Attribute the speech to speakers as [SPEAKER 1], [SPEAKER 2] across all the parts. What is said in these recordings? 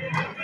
[SPEAKER 1] Thank you.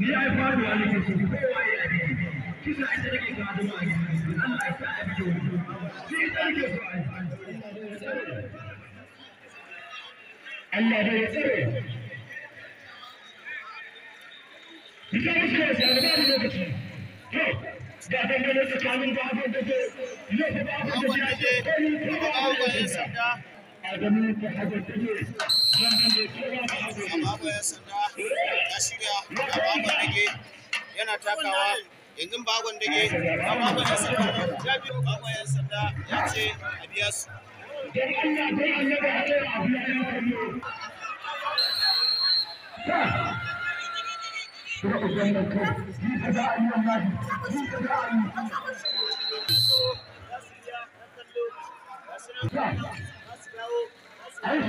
[SPEAKER 1] ni ai a nake so kowa ya yi kisa ita nake so a gidan Allah ya sa a bi shi ita nake a Allah da ya tsare Ita iska ya sami ba lokaci. To, dangane tsakanin ba abin da ke, yau ba abin da ke ake, ko ni ko ba abin da ke. ya sanda yana takawa yanzu bagon dage Ababa ya sanda ya biyo Ababa ya sanda ya ce a biya su. Yeah.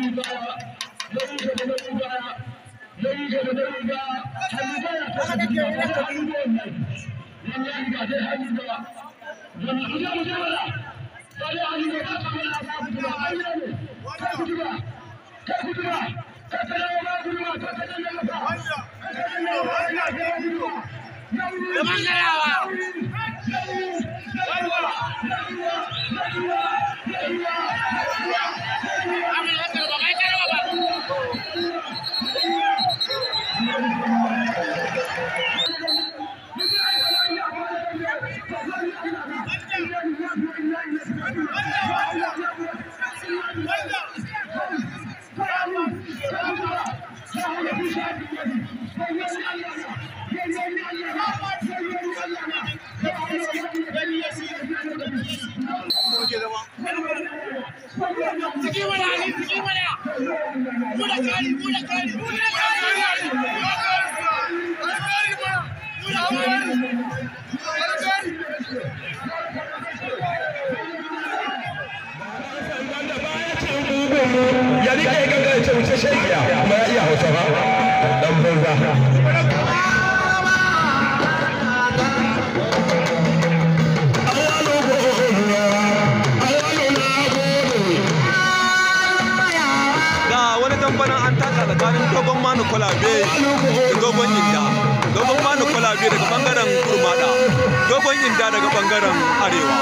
[SPEAKER 1] Come on,
[SPEAKER 2] get out!
[SPEAKER 1] Muna kari, muna kari, muna kari! manu kwalabe da dogon inda dogon manu kwalabe daga bangaren kurmada dogon inda daga bangaren arewa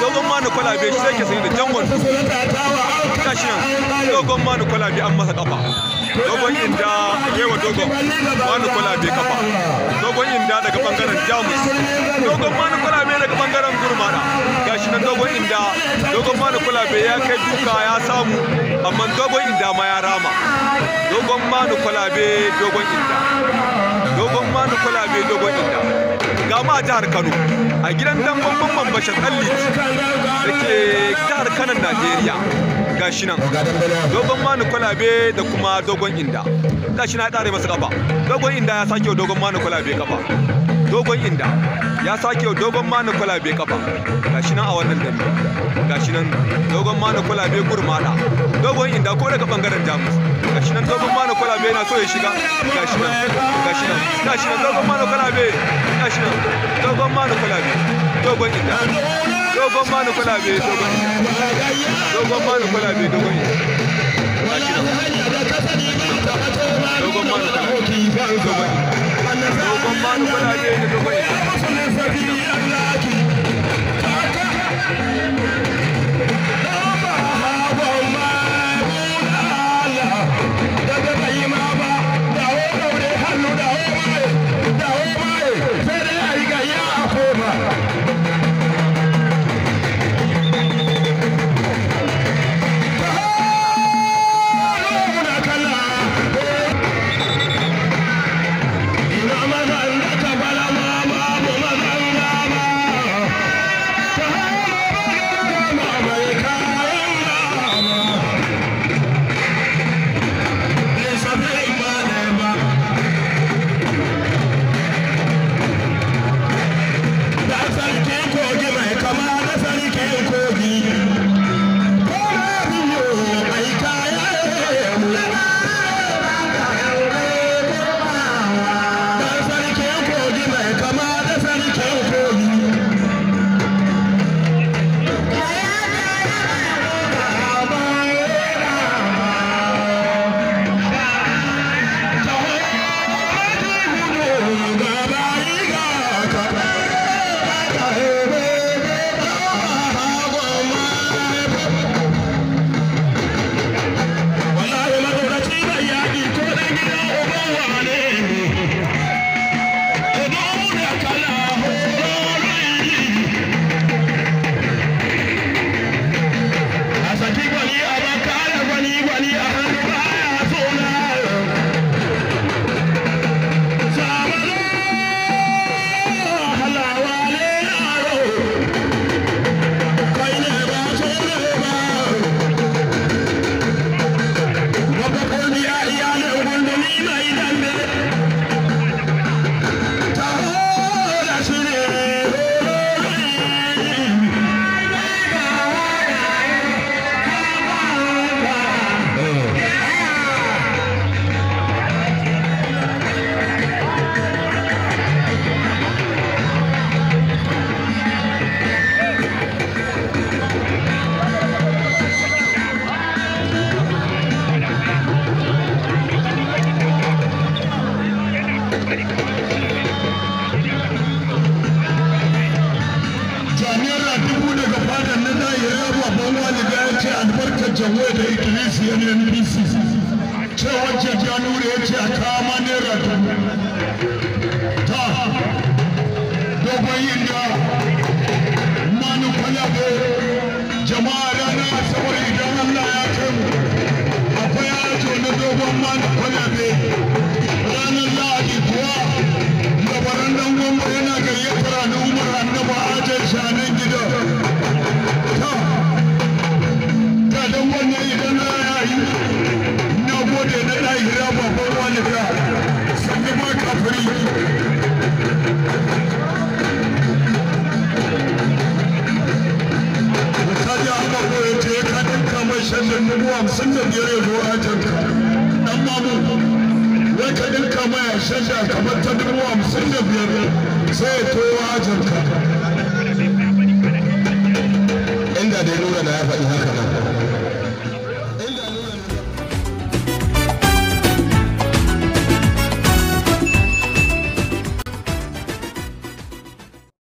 [SPEAKER 1] dogon manu kwalabe shi yake sanye da jangon gashi dogon manu kwalabe an masa kafa dogon inda yawa wani kula bai kafa dogon inda daga bangaren jamus dogon kula bai daga bangaren gurmana shi na dogon inda dogon kula bai ya kai duka ya samu amma dogon inda ma ya rama dogon kula bai dogon inda dogon kula bai dogon inda ga ma jihar kano a gidan dan bambam bashar allit da ke jihar kanan najeriya gashi nan dogon manu kwalabe da kuma dogon inda gashi na ɗare masa kafa dogon inda ya sake dogon manu kwalabe kafa dogon inda ya sake dogon manu kwalabe kafa gashi nan a wannan dambe gashi nan dogon manu kwalabe gurmada dogon inda ko daga bangaren jamus gashi nan dogon manu kwalabe na so ya shiga gashi nan gashi nan gashi nan dogon manu kwalabe gashi nan dogon manu kwalabe dogon inda dogon manu kwalabe dogon dogon manu kwalabe dogon dogon manu kwalabe dogon dogon manu kwalabe dogon yahuwa da idris ya ne ndc cewa jaja nura ya ce a kama naira dubu ta dogon yin da sai ka dinka maya shadda kamar ta dubu hamsin da biyar sai ya towa hajarka inda dai nuna na ya faɗi haka nan